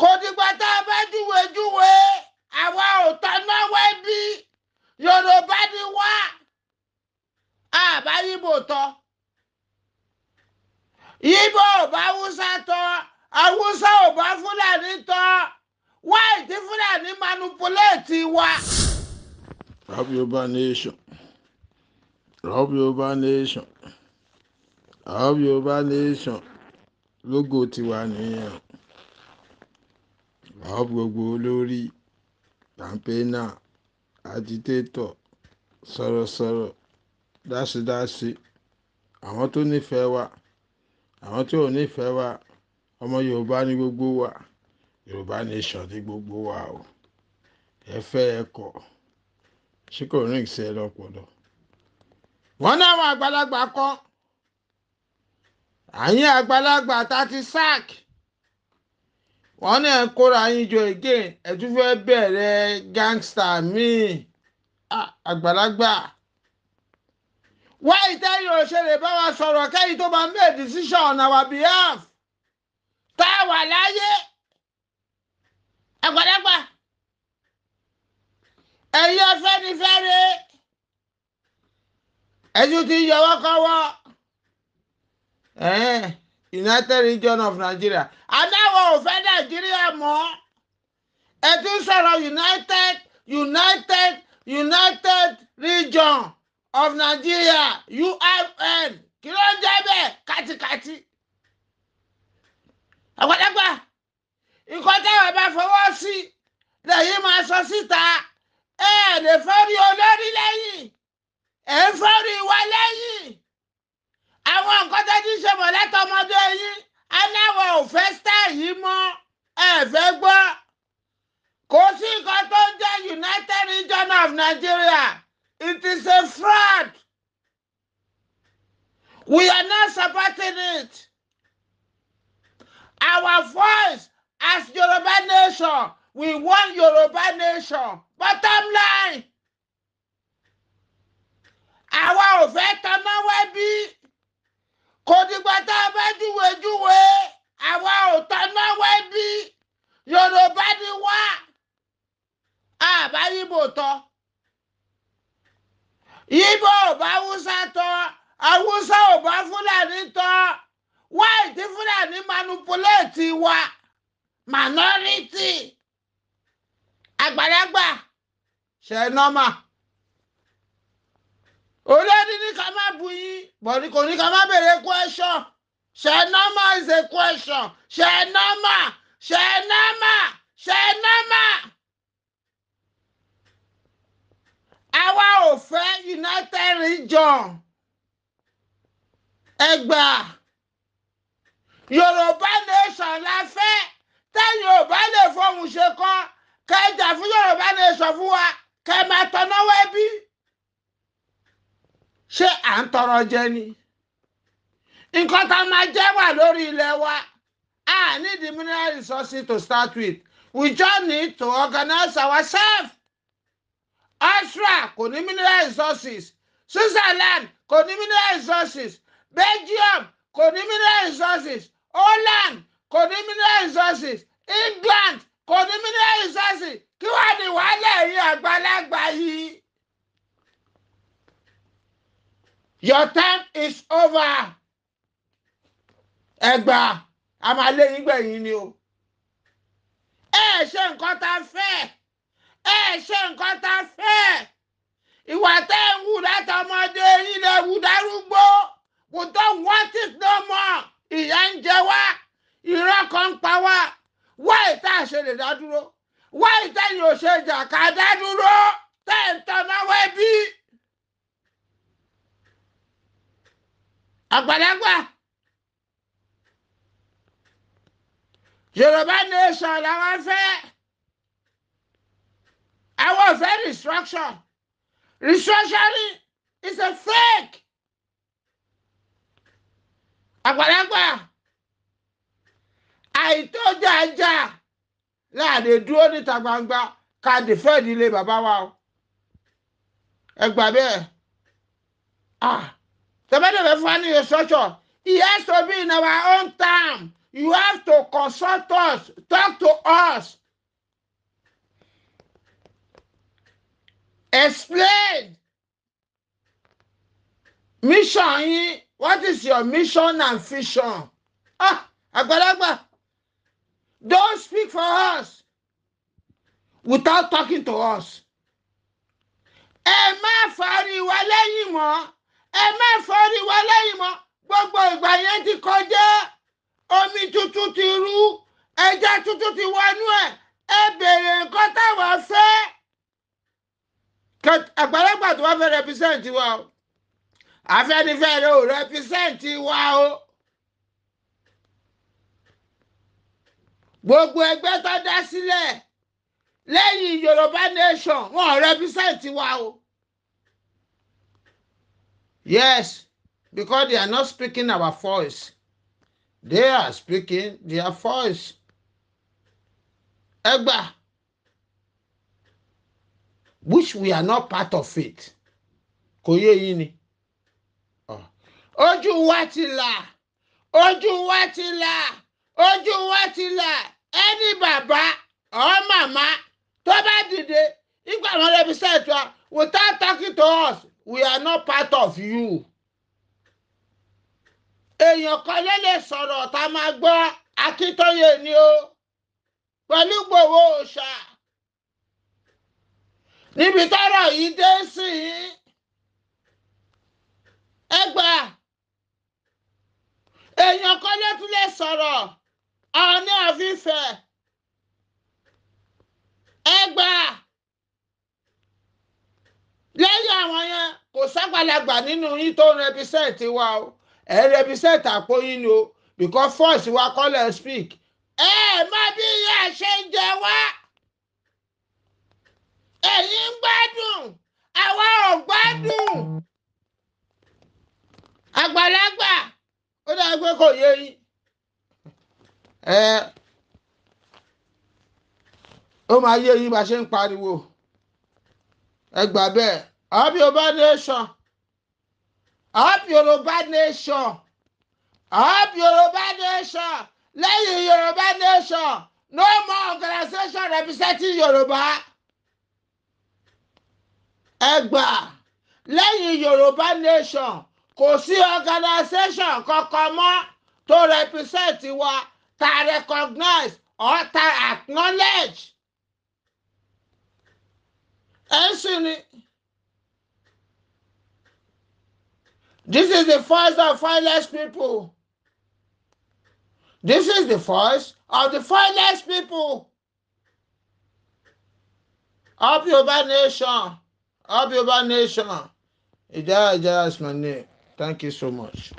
kò dìgbà tá a bá júwèjúwe àwa ò tanná wẹ́bí yorùbá ni wá àbá yíbo tọ yíbo ò bá haúsá tọ haúsá ò bá fúlàní tọ wáì tí fúlàní manipulate wa. Rob Yorùbá nation Rob Yorùbá nation Rob Yorùbá nation Logo tiwa nìyẹn. Ràouf gbogbo olórí, kàńpénà, ajítétọ̀, sọ̀rọ̀sọ̀rọ̀, dáṣẹ́dáṣe, àwọn tó nífẹ̀ẹ́ wa, àwọn tí ò nífẹ̀ẹ́ wa, ọmọ Yorùbá ni gbogbo wa. Yorùbá nation ni gbogbo wa o. Ẹ fẹ́ ẹ kọ̀, ṣé kò ring sí ẹ lọ́pọlọ? Wọ́n láwọn àgbàlagbà kan, àyín àgbàlagbà ta ti sack. wọ́n náà kóra yín jọ again etufe fẹ́ gangsta gangster agbalagba. àgbàlagbà. wá ìtẹ́yìn òṣèré bá wa sọ̀rọ̀ kẹ́yìn tó máa ń decision on our behalf tá a wà láyé àgbàlagbà ẹ̀yin afẹ́nifẹ́re ẹ̀jú ti yọwọ́ kọ́wọ́ United Region of Nigeria adáwọ̀ ò fẹ́ ẹ ti ń sọ̀rọ̀ united united united region of nigeria ufn kí ló ń jẹ́ bẹ́ẹ̀ kátikáti àgbàdàgbà nǹkan táwọn bá fọwọ́ sí lẹ́yìn máa sọ síta ẹ lè fọ́rí olórí lẹ́yìn ẹ ń fọ́rí wa lẹ́yìn àwọn nǹkan tó ti ṣe mọ̀ látọmọdé yín aláwọ̀ ò fẹ́ style yìí mọ́ ẹ fẹ́ gbọ́ of Nigeria, it is a fraud. We are not supporting it. Our voice as Yoruba nation, we want Yoruba nation. Bottom line, àwa ò fẹ́ tanná wẹ́bí kò dìgbà tá a bá júwèjúwe àwa ò tanná wẹ́bí Yorùbá ni wá àbáyé bò tán ibo ò bá haúsá tọ́ haúsá ò bá fúlàní tọ́ wáì fúlàní manipulate wa minority àgbàlagbà ṣe normal olórí ní ká má bu yín bọ̀dí kò ní ká má béèrè question ṣe normal is a question ṣe normal ṣe normal ṣe normal. ẹtẹrin jọ̀n ẹgbà yorùbá nation la fẹ́ tẹ́yìn ò bá lè fohùn ṣe kan kẹjà fún yorùbá nation fún wa kẹ máa tọnáwó ẹbí ṣé à ń tọrọ jẹ ni nǹkan tá a máa jẹ wà lórí ilẹ̀ wa a need the mineral resources to start with we just need to organize ourselves. Austria kò ní mineral resources Switzerland kò ní mineral resources Belgium kò ní mineral resources Holland kò ní mineral resources England kò ní mineral resources kí wàá ní wàhálà ẹ̀yin àgbàlagbà yìí. Your time is over. Ẹgbà a máa lé yín gbẹ̀yìn ni o. Ẹ ṣe nǹkan tá a fẹ́ ẹ ṣe nǹkan tá a fẹ́ ìwà tẹ́ ń wù látọmọdé yín lè wù dárúgbó we don't want it no more ìyà ń jẹ wá ìran kan ń pa wá wá ìta ṣe lè dá dúró wá ìta yìí ò ṣe jà ká dá dúró tẹ́ ń tọ́nà wẹ́ bí. àgbàlagbà Yorùbá nation làwọn fẹ́. I was very restructured. Restructuring is a fake. Àgbàlagbà àìtọ́jà ajá láàdè dúró níta gbangba ká dìfẹ́ẹ̀dì ilé bàbá wa o. Ẹ gbà bẹ́ẹ̀. Ah, Tẹ̀mẹ́tẹ̀mẹ́ fún any restructure. It has to be in our own time. You have to consult us, talk to us. explain mission yín what is your mission and vision ah àgbàlagbà don't speak for us without talking to us ẹ má fari wa lẹ́yìn mọ́ ẹ má fari wa lẹ́yìn mọ́ gbogbo ìgbà yẹn ti kọjá omi tuntun ti rú ẹja tuntun ti wọnú ẹ ẹ béèrè nǹkan táwọn fẹ́ àgbàlagbà tó wá fẹ́ represent wa o Afẹ́nifẹ́re ò represent wa o. gbogbo ẹgbẹ́ tó dá sílẹ̀ lẹ́yìn Yorùbá nation wọn ò represent wa o. yes because they are not speaking our voice they are speaking their voice. ẹgbàá which we are not part of it kò yé yín ni ojú wa ti là ojú wa ti là ojú wa ti là ẹni bàbá ọ màmá tó bá dìde ìgbà wọn lè fi ṣètò a without talking to us we are not part of you èèyàn kan ló lè sọ̀rọ̀ tá a máa gbọ́ akíntóye ni o pẹ̀lú gbòòwò òòṣà. níbi tọ́rọ̀ yìí dé sí ẹ gbà èèyàn kan ló tún lè sọ̀rọ̀ ọ̀ọ́nì àfífẹ́ ẹ gbà lẹ́yìn àwọn yẹn kò ságbàlagbà nínú yín tó ń represent wa o ẹ represent àpò yín ni o because force wa kọ́ lẹ̀ speak ẹ má bí ìyá ṣe ń jẹ wá. ẹ̀yin gbádùn àwa ò gbádùn àgbàlagbà ó dáa pé kò yé yín ó máa yé yín bá ṣe ń pariwo ẹ gbà bẹ́ẹ̀ up Yorùbá nation up Yorùbá nation up Yorùbá nation lẹ́yìn Yorùbá nation no more organisation representing Yorùbá. ẹgbà lẹ́yìn yorùbá nation kò sí organisation kankan mọ́ tó represent wa ta recognize or ta acknowledge. ẹ̀sìn ni. This is the voice of finest people. This is the voice of the finest people of Yoruba nation. Abioba Nation. Ijaya Ijaya is my name. Thank you so much.